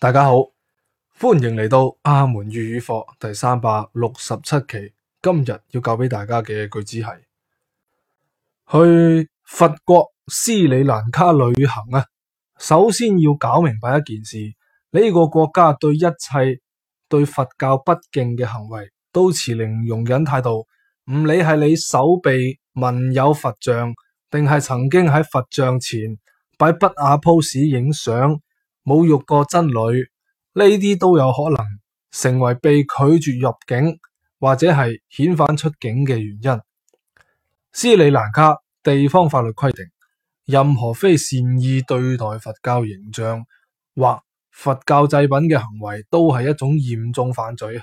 大家好，歡迎嚟到阿門粵語課第三百六十七期。今日要教俾大家嘅句子係：去佛國斯里蘭卡旅行啊，首先要搞明白一件事，呢個國家對一切對佛教不敬嘅行為都持零容忍態度，唔理係你手臂紋有佛像，定係曾經喺佛像前擺不雅 pose 影相。侮辱過僧侶，呢啲都有可能成為被拒絕入境或者係遣返出境嘅原因。斯里蘭卡地方法律規定，任何非善意對待佛教形象或佛教祭品嘅行為，都係一種嚴重犯罪。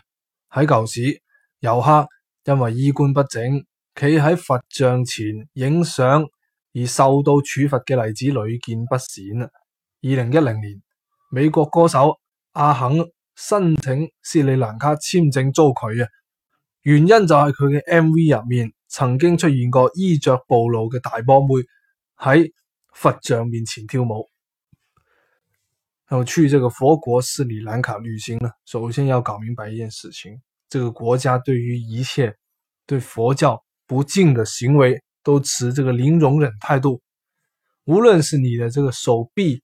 喺舊時，遊客因為衣冠不整，企喺佛像前影相而受到處罰嘅例子屢見不鮮。二零一零年，美國歌手阿肯申請斯里蘭卡簽證遭拒啊，原因就係佢嘅 MV 入面曾經出現過衣着暴露嘅大波妹喺佛像面前跳舞。去即係佛國斯里蘭卡旅行，首先要搞明白一件事情：這個國家對於一切對佛教不敬的行為都持這個零容忍態度，無論是你的這個手臂。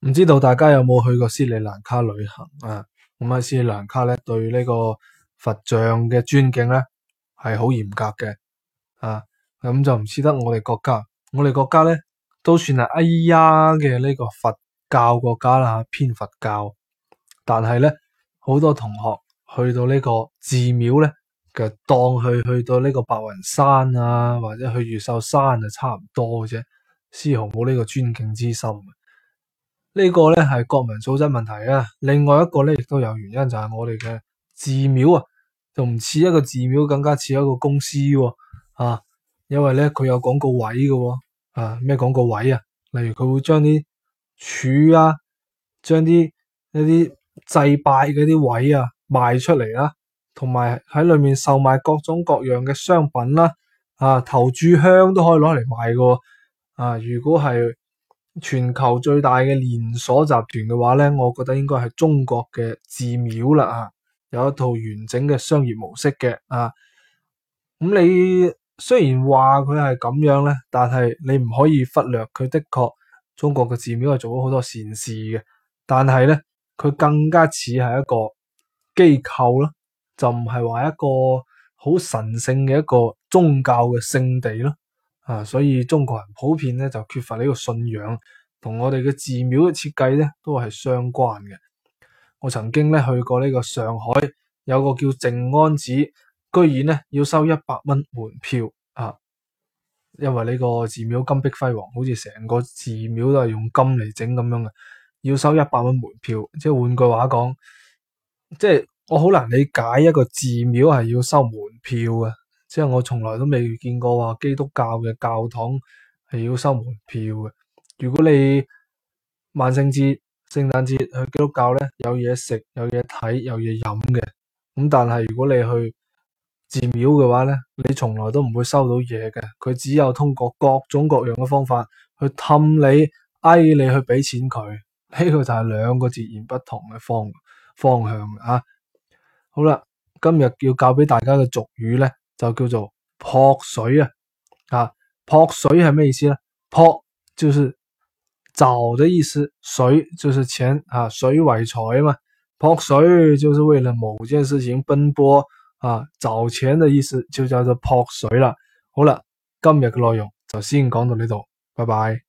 唔知道大家有冇去過斯里蘭卡旅行啊？咁喺斯里蘭卡咧對呢個佛像嘅尊敬咧係好嚴格嘅啊！咁就唔似得我哋國家，我哋國家咧都算係哎呀嘅呢個佛教國家啦、啊，偏佛教。但係咧，好多同學去到呢個寺廟咧其實當去去到呢個白雲山啊，或者去越秀山啊，差唔多嘅啫，絲毫冇呢個尊敬之心。個呢個咧係國民素質問題啊！另外一個咧亦都有原因，就係我哋嘅寺廟啊，就唔似一個寺廟，更加似一個公司喎啊，啊！因為咧佢有廣告位嘅喎啊，咩廣告位啊？例如佢會將啲柱啊，將啲一啲祭拜嗰啲位啊賣出嚟啦、啊，同埋喺裏面售賣各種各樣嘅商品啦啊，頭、啊、柱香都可以攞嚟賣嘅啊，啊！如果係全球最大嘅連鎖集團嘅話咧，我覺得應該係中國嘅寺廟啦啊，有一套完整嘅商業模式嘅啊。咁你雖然話佢係咁樣咧，但係你唔可以忽略佢的確中國嘅寺廟係做咗好多善事嘅，但係咧佢更加似係一個機構咯，就唔係話一個好神聖嘅一個宗教嘅聖地咯。啊，所以中國人普遍咧就缺乏呢個信仰，同我哋嘅寺廟嘅設計咧都係相關嘅。我曾經咧去過呢個上海，有個叫靜安寺，居然咧要收一百蚊門票啊！因為呢個寺廟金碧輝煌，好似成個寺廟都係用金嚟整咁樣嘅，要收一百蚊門票。即係換句話講，即係我好難理解一個寺廟係要收門票嘅。即係我從來都未見過話基督教嘅教堂係要收門票嘅。如果你萬聖節、聖誕節去基督教咧，有嘢食、有嘢睇、有嘢飲嘅。咁但係如果你去寺廟嘅話咧，你從來都唔會收到嘢嘅。佢只有通過各種各樣嘅方法去氹你、嗌你去俾錢佢。呢個就係兩個截然不同嘅方方向啊。好啦，今日要教俾大家嘅俗語咧，就叫做撲水啊！啊，撲水係咩意思呢？撲就是找的意思，水就是錢啊，水為財嘛。撲水就是為了某件事情奔波啊，找錢的意思就叫做撲水啦。好啦，今日嘅內容就先講到呢度，拜拜。